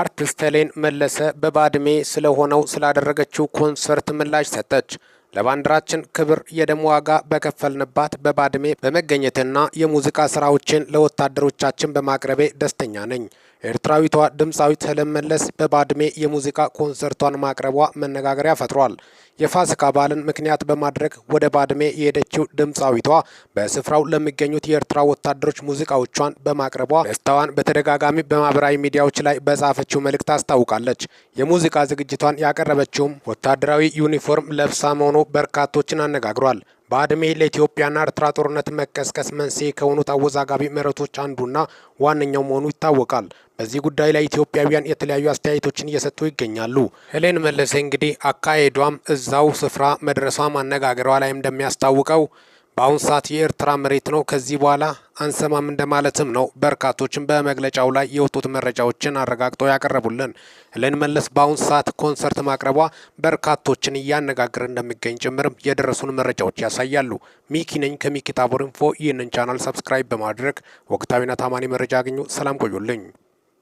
አርቲስት ሄለን መለሰ በባድሜ ስለሆነው ስላደረገችው ኮንሰርት ምላሽ ሰጠች። ለባንዲራችን ክብር የደም ዋጋ በከፈልንባት በባድሜ በመገኘትና የሙዚቃ ስራዎችን ለወታደሮቻችን በማቅረቤ ደስተኛ ነኝ። ኤርትራዊቷ ድምፃዊት ህለም መለስ በባድሜ የሙዚቃ ኮንሰርቷን ማቅረቧ መነጋገሪያ ፈጥሯል። የፋሲካ በዓልን ምክንያት በማድረግ ወደ ባድሜ የሄደችው ድምፃዊቷ በስፍራው ለሚገኙት የኤርትራ ወታደሮች ሙዚቃዎቿን በማቅረቧ ደስታዋን በተደጋጋሚ በማህበራዊ ሚዲያዎች ላይ በጻፈችው መልእክት አስታውቃለች። የሙዚቃ ዝግጅቷን ያቀረበችውም ወታደራዊ ዩኒፎርም ለብሳ መሆኑ በርካቶችን አነጋግሯል። ባድሜ ለኢትዮጵያና ኤርትራ ጦርነት መቀስቀስ መንስኤ ከሆኑት አወዛጋቢ ምዕረቶች አንዱና ዋነኛው መሆኑ ይታወቃል። በዚህ ጉዳይ ላይ ኢትዮጵያውያን የተለያዩ አስተያየቶችን እየሰጡ ይገኛሉ። ሄሌን መለሴ እንግዲህ አካሄዷም እዛው ስፍራ መድረሷም አነጋገሯ ላይ እንደሚያስታውቀው በአሁን ሰዓት የኤርትራ መሬት ነው፣ ከዚህ በኋላ አንሰማም እንደማለትም ነው በርካቶችን በመግለጫው ላይ የወጡት መረጃዎችን አረጋግጠው ያቀረቡልን። ሄለን መለስ በአሁን ሰዓት ኮንሰርት ማቅረቧ በርካቶችን እያነጋገረ እንደሚገኝ ጭምርም የደረሱን መረጃዎች ያሳያሉ። ሚኪ ነኝ ከሚኪ ታቦር ኢንፎ። ይህንን ቻናል ሰብስክራይብ በማድረግ ወቅታዊና ታማኒ መረጃ አግኙ። ሰላም ቆዩልኝ።